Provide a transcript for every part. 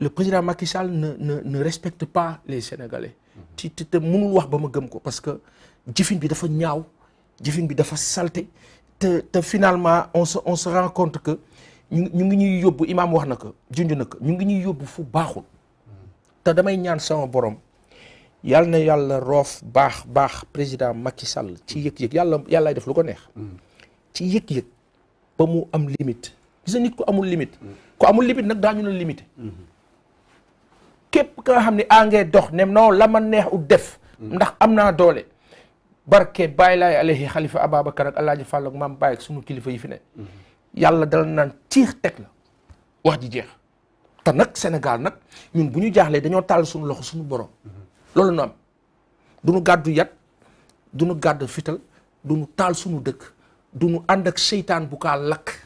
le président Macky Sall ne ne respecte pas les Sénégalais. ci te mënul wax ba ma gëm ko parce que jëfin bi dafa ñaaw jëfin bi dafa salté te te finalement on se on se rend que ñu ñu ngi ñuy yóbbu imaam wax na ko junj na ko ñu ngi ñuy yóbbu fu baaxul. te damay ñaan sama borom yàlla na yàlla roof baax baax président Macky Sall ci yëg-yëg yàlla yàllaay def lu ko neex. ci yëg-yëg ba mu am limite. gis nit ku amul limite. ku amul limite nag daañu la limite képp ka nga xam ne angee dox ne non la ma neex ut def mm. ndax am naa doole barke bàyyi laay alayhi xalifa ababacar ak alaaji fàll ak maam bàyyi ak sunu kilifa yi fi ne mm-hmm. yàlla dala naan ciix teg la wax ji jeex te nag Sénégal nag ñun bu ñu jaaxlee dañoo taal suñu loxo suñu borom mm-hmm. loolu nu am duñu gàddu yat duñu gàddu fital duñu taal suñu dëkk duñu ànd ak seytaan bu kaa lakk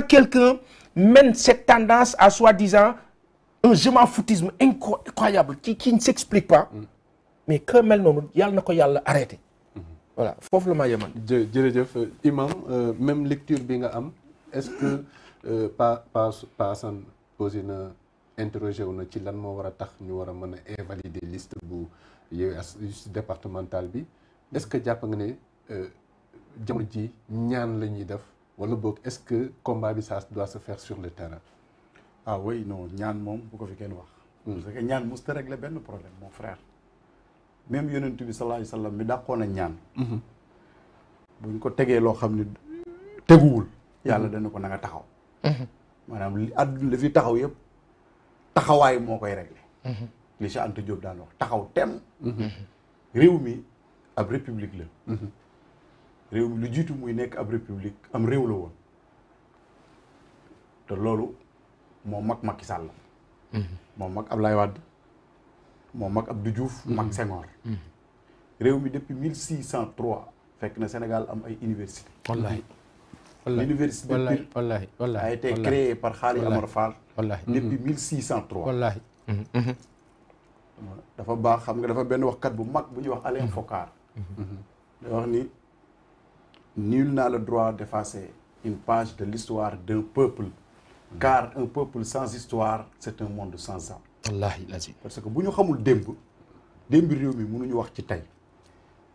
quand quelqu'un mène cette tendance à soi-disant un je m'en foutisme incroyable qui qui ne s'explique pas mm. mais que mel noonu yàlla na ko yàlla arrêté mm-hmm. voilà foofu la maa yemal jërëjëf euh, imam euh, même lecture bi nga am est-ce que euh, pa pa pa Assane na interrogé wu na ci lan moo war a tax ñu war a mën a invalider liste bu yow as départemental bi est-ce que jàpp nga ne euh, jamono ji ñaan la ñuy def wala boog est-ce que combat bi ça doit se faire sur le terrain. ah oui non ñaan moom bu ko fi kenn wax. Hmm. parce que ñaan mosut a régler benn problème mon frère. même yonent bi sallallahu alayhi wa sallam mi dàqoon a ko tegee loo xam ne teguwul. yàlla dana ko na nga taxaw. maanaam li àdduna li fi taxaw yëpp taxawaay moo koy régler. li si Anta Diop daan wax taxaw tem. réew mi ab république la. réew mi lu jiitu muy nekk ab république am réew la woon te loolu moo mag Macky Sall la mm-hmm. moo mag lay Wade moo mag du juuf mm-hmm. mag Senghor mm-hmm. réew mi depuis mille six cent trois fekk na Sénégal am ay université wallahi wallahi l'université wallahi wallahi wallahi a été créée par Khali Amar Fall wallahi depuis mille six cent trois dafa baax xam nga dafa benn waxkat bu mag bu ñuy wax Alain Focar day wax ni nul n'a le droit d'effacer une page de l'histoire d'un peuple car un peuple sans histoire c'est un monde sans âme wallaahi parce que bu ñu xamul démb démb réew mi mënuñu wax ci tey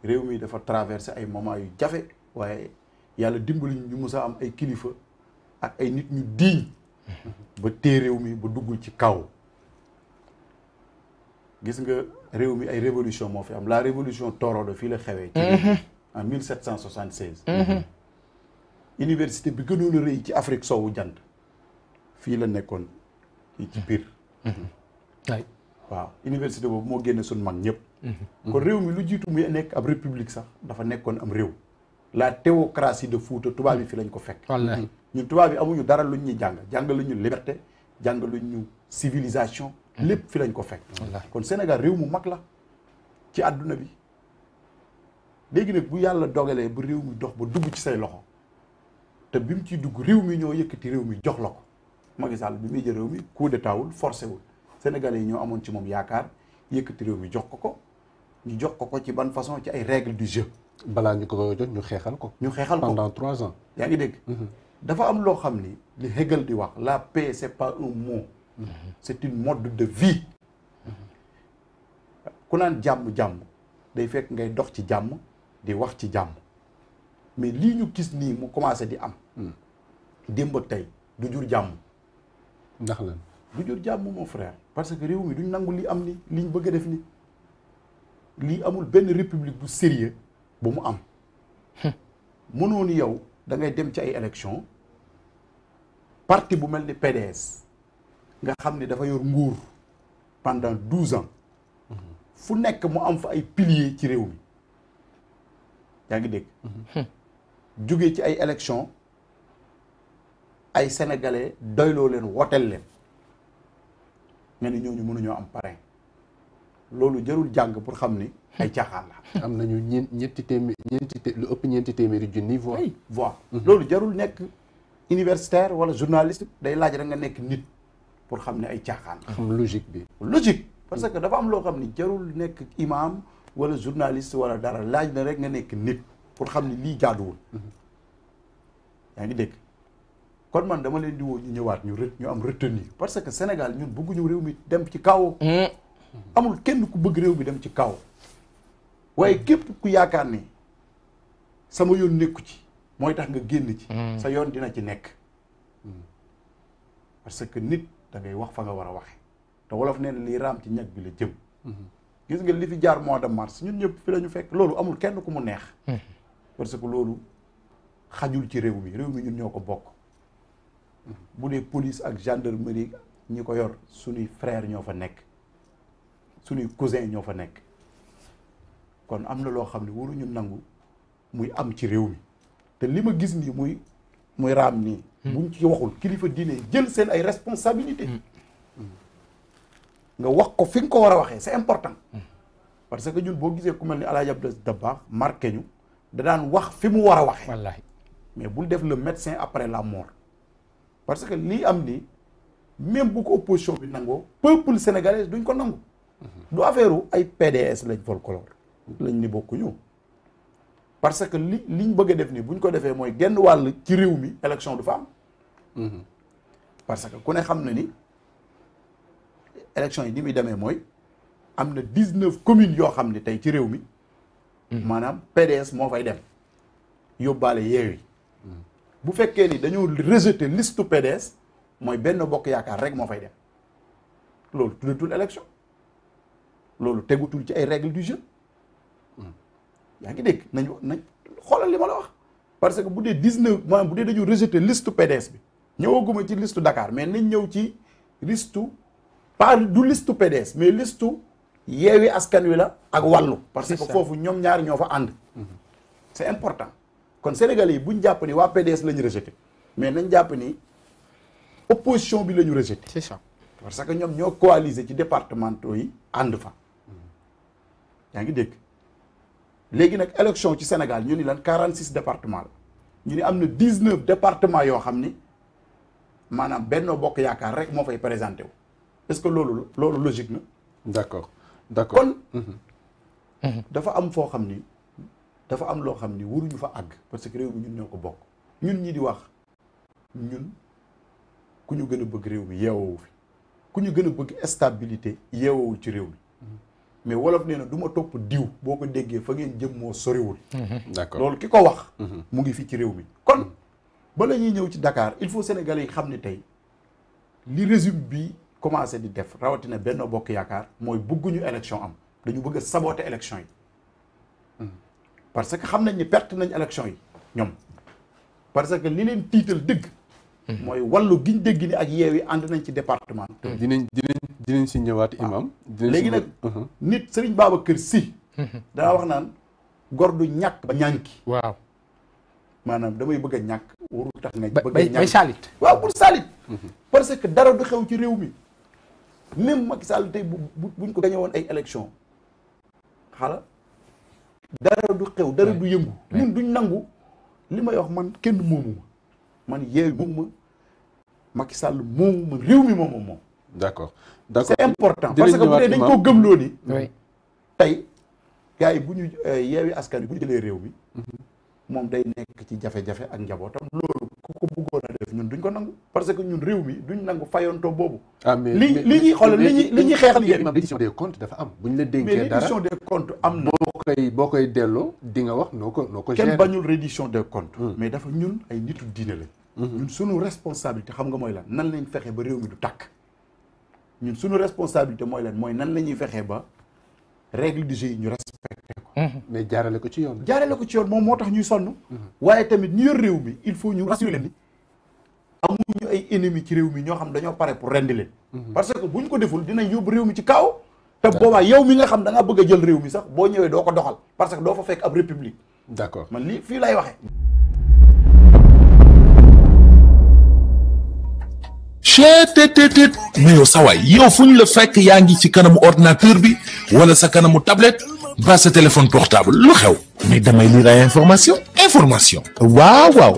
réew mi dafa traversé ay moments yu jafe waaye yàlla dimbali ñu musa am ay kilifa ak ay nit ñu diiñ ba tee réew mi ba duggul ci kaw gis nga réew mi ay révolution moo fi am la révolution torodo fii la xewee en 1776. Mhm. Mhm. université bi gënoon a rëy ci Afrique soowu jant fii la nekkoon ci piir mhm. waaw université boobu moo génne suñu mag ñëpp. kon réew mi lu jiitu muy nekk ab république sax dafa nekkoon am réew. la théocratie de Fouta tubaab yi fi lañ ko fekk. wallaahi ñun tubaab yi amuñu dara luñ ñuy jàng jàngaluñ ñu liberté jàngaluñ ñu civilisation. lépp fi lañ ko fekk. kon Sénégal réew mu mag la ci àdduna bi. léegi nag bu yàlla dogalee bu réew mi dox ba dugg ci say loxo te bi mu ciy dugg réew mi ñoo yëkkati réew mi jox la ko Macky Sall bi muy jël réew mi coup d'état wul forcé wul yi ñoo amoon ci moom yaakaar yëkkati réew mi jox ko ko ñu jox ko ko ci ban façon ci ay règles du jeu. balaa ñu ko koy jox ñu xeexal ko. ñu xeexal ko pendant trois ans. yaa ngi dégg. Mm-hmm. dafa am loo xam ni li Hegel di wax la paix c'est pas un mot. Mm-hmm. c'est une mode de vie. Mm-hmm. ku naan jàmm jàmm day fekk ngay dox ci jàmm. di wax ci jàmm mais lii ñu gis nii mu commencé di am. Hmm. démb tey du jur jàmm. ndax lan du jur jàmm mon frère. parce que réew mi duñ nangu lii am ni liñ bëgg a def ni lii amul benn république bu sérieux bu mu am. Hmm. mënoo ni yow da ngay dem ci ay élections parti bu mel ni PDS nga xam ni dafa yor nguur pendant douze ans hmm. fu nekk mu am fa ay piliers ci réew mi. yaa ngi dégg. Mhm. Hmm. jugee ci ay élections ay sénégalais doyloo leen woteel leen nga ni ñooñu mënuñoo am parrain loolu jarul jàng pour xam ni hmm. ay caaxaan la. am nañu ñeent ñeenti téeméer ñeenti té lu ëpp ñeenti téeméeri junni voix. voix mhm. loolu jarul nekk universitaire wala journaliste day laaj rek nga nekk nit pour xam ne ay caaxaan la. xam logique bi. logique parce que dafa am loo xam ni jarul nekk imam wala journaliste wala dara laaj na rek nga nekk nit pour xam ne lii jaaduwul yaa ngi dégg kon man dama leen di woo ñu ñëwaat ñu ñu am retenue parce que Sénégal ñun bëgguñu réew mi dem ci kaw mm-hmm. amul kenn ku bëgg réew mi dem ci kaw waaye mm-hmm. képp ku yaakaar ni sama yoon nekku ci mooy tax nga génn ci mm-hmm. sa yoon dina ci nekk parce que nit dangay wax fa nga war a waxe te wolof nee na lii raam ci ñag bi la jëm gis nga li fi jaar mois de mars ñun ñëpp fi la ñu fekk loolu amul kenn ku mu neex. Hmm. parce que loolu xajul ci réew mi réew mi ñun ñoo ko bokk. bu dee police ak gendarmerie ñi ko yor suñuy frère ñoo fa nekk suñuy cousin ñoo fa nekk kon am na loo xam ne waruñu nangu muy am ci réew mi te li ma gis nii muy muy raam nii. Hmm. buñ ci waxul kilifa diine jël seen ay responsabilités. Hmm. nga wax ko fi nga ko war a waxee c'est important parce que ñun boo gisee ku mel ni El Hadj Abdoulaye Dabakh marqué ñu da daan wax fi mu war a waxee. wallaahi mais bul def le médecin après la mort parce que lii am ni même bu ko opposition bi nangoo peuple sénégalais duñ ko nangu. du affaire ay PDS lañ folklore lañ ni bokk ñu parce que li liñ bëgg a def nii buñ ko defee mooy genn wàll ci réew mi élection du fa am. Mhm. parce que ku ne xam na ni élection yi ni muy demee mooy am na dix neuf communes yoo xam ne tey ci réew mi. Hmm. maanaam PDS moo fay dem yóbbaale Yewwi bu fekkee ni dañoo rejeter liste PDS mooy benn bokk yaakaar rek moo fay dem loolu tuddatul élection loolu tegutul ci ay règles du jeu hmm. yaa ngi dégg nañu nañ xoolal li ma la wax parce que bu dee dix neuf maanaam bu dee dañu rejeter liste PDS bi ñëwaguma ci liste Dakar mais nañ ñëw ci listu pas du listu PDS mais listu yeewi askan wi la ak wàllu parce que foofu ñoom ñaar ñoo fa ànd c'est important kon sénégalais yi buñ jàpp ni waa PDS la ñu rejeté mais nañ jàpp ni opposition bi la ñu rejeté c'est ça parce que ñoom ñoo coalisé ci départementaux yi ànd fa yaa ngi dégg léegi nag élection ci Sénégal ñu ni lan quarante 46 département la ñu ni am na 19 département yoo xam ni maanaam Benno Bokk Yaakaar rek moo fay présenté wu est-ce que loolu loolu logique na. d'accord d'accord kon. Mhm. dafa am foo xam ni dafa am loo xam ni waruñu fa àgg parce que réew mi ñun ñoo ko bokk ñun ñi di wax ñun ku ñu gën a bëgg réew mi yeewoo fi ku ñu gën a bëgg stabilité yeewoo ci réew mi. Mhm. mais wolof nee na duma topp diw boo ko déggee fa ngeen jëm moo soriwul. Mhm. d'accord loolu ki ko wax. mu ngi fii ci réew mi kon bala ñuy ñëw ci Dakar il faut sénégal yi xam ne tey li résumé bi commencé di def rawatina benn Bokk Yaakaar mooy bëgguñu élection am dañu bëgg a saboter élection yi parce que xam nañ ni perte nañ élection yi ñoom parce que li leen tiital dëgg mooy wallu giñ dégg ak yeew yi ànd nañ ci département dinañ dinañ dinañ si ñëwaat imam ah. léegi nag uh-huh. nit Serigne Babacar si mm-hmm. daa wax naan gor du ñàkk ba ñànki waaw maanaam damay bëgg ñàkk warul tax nga bëgg a ñàkk bay salit waaw pour salit mm-hmm. parce que dara du xew ci réew mi même Macky Sall tey bu buñ ko gañe woon ay élection xala dara du xew dara du yëngu ñun duñ nangu li may wax man kenn moomu ma man yeeyu moomuma Macky Sall moomu ma réew mi moomam moom d'accord d'accord c'est important parce que bu dee dañ koo gëmloo ni tey gars bu ñu euh, yeewi askan bi bu ñu jëlee réew mi mhm. moom day nekk ci jafe-jafe ak njabootam loolu ku ko bëgg def ñun duñ ko nangu parce que ñun réew mi duñ nangu fayonto boobu. ah mais li li ñuy xoolal li ñuy li ñuy xeexal yéen. reddition des comptes dafa am bu ñu la dénkee dara reddition des comptes am na. boo koy boo koy delloo di nga wax noo ko noo ko. gérer kenn bañul reddition des comptes. Hmm. mais dafa ñun ay nitu diine lañ. Hmm. ñun suñu responsabilité xam nga mooy lan nan lañ fexe ba réew mi du tàkk. ñun suñu responsabilité mooy lan mooy nan la ñuy fexee ba règle du yi ñu respecté ko. Hmm. mais jaarale ko ci yoon. jaarale ko ci yoon moom moo tax ñuy sonn. waaye tamit ñu yor réew mi il faut ñu rassurer leen ni amuñu ay ennemis ci réew mi ñoo xam dañoo pare pour rendi leen. Mhm. parce que buñ ko deful dinañ yóbbu réew mi ci kaw. te boobaa yow mi nga xam da ngaa bëgg jël réew mi sax boo ñëwee doo ko doxal parce que doo fa fekk ab république. d'accord man ni fii lay waxee. cheetetetet mais yow sawaay la fekk yaa ngi ci kanamu ordinateur bi wala sa kanamu tablette ba sa téléphone portable lu xew mais damay lire ay information information waaw waaw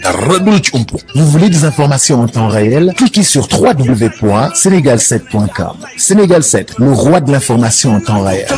dara du la ci ump vous voulez des informations en temps réel cliquez sur www.senegal7.com Sénégal 7 le roi de l'information en temps réel